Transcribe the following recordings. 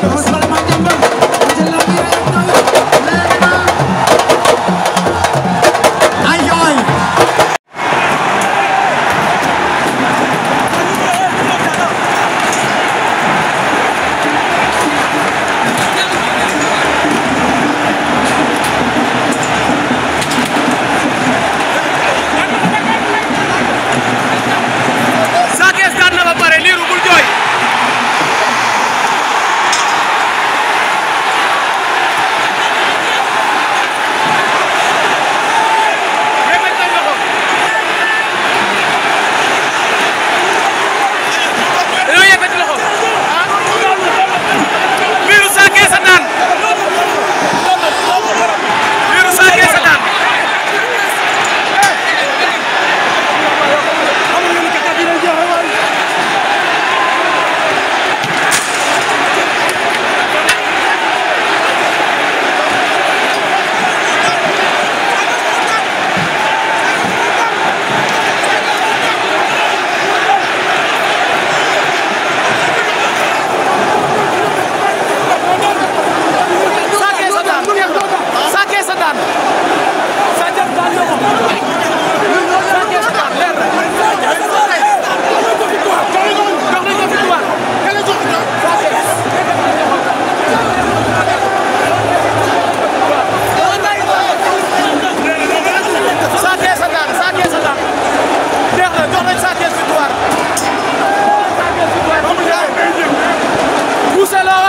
Salma Jàmbar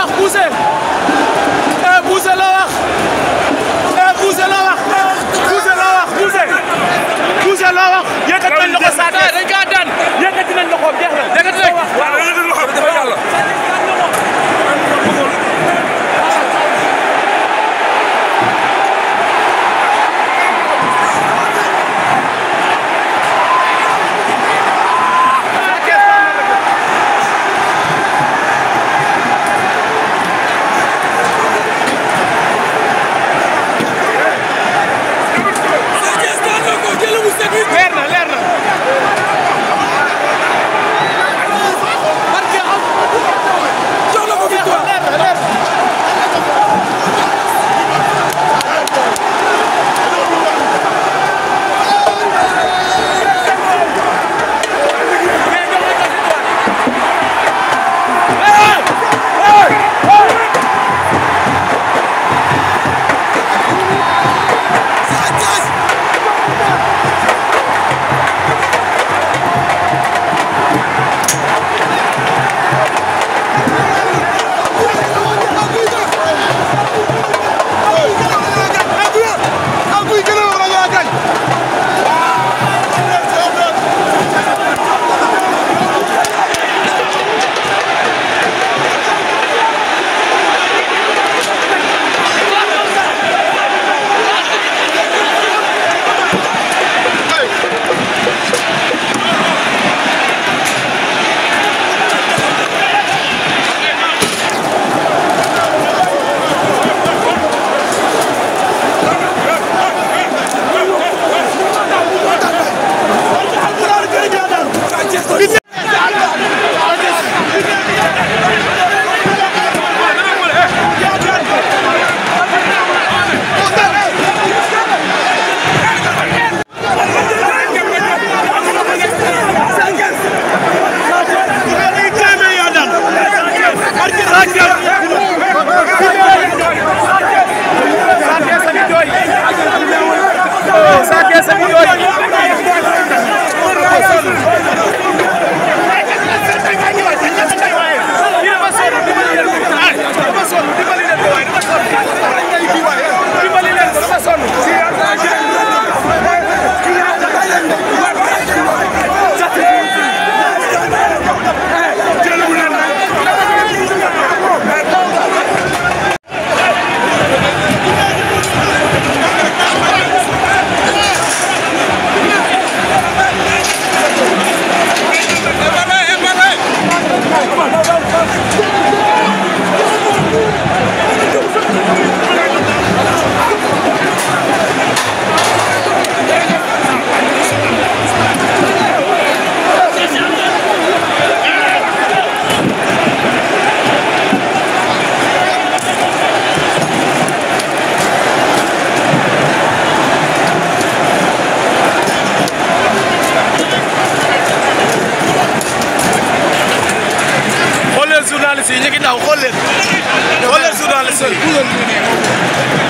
la wax Boucher eh Boucher la wax eh Boucher la wax Boucher la wax Boucher Boucher la wax yëkkati nañ loxo Sa Thiès eh, yëkkati nañ loxo jeex na yëkkati nañ loxo xool leen xool leen journaliste yi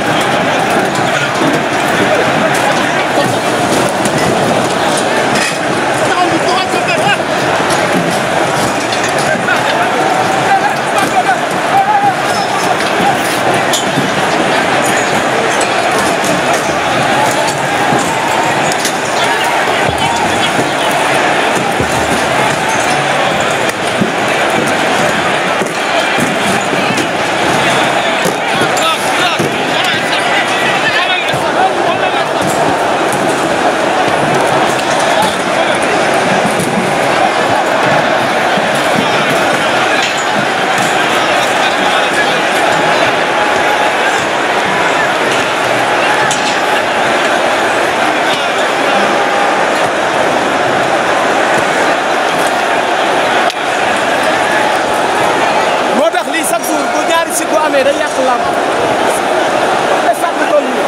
réussite bu amee day yàq làmb stade bu toll nii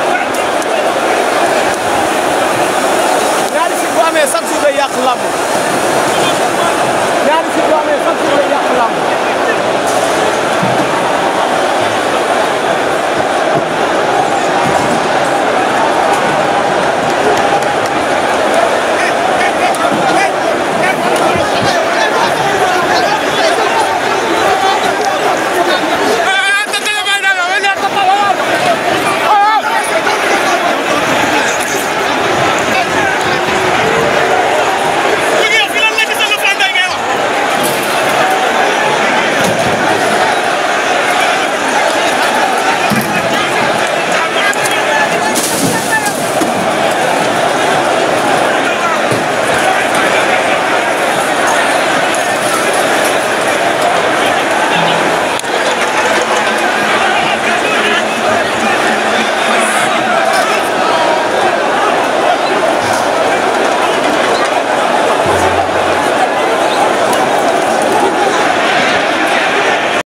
ñaari fit bu amee chaque jour day yàq làmb ñaari fit bu amee chaque jour day yàq làmb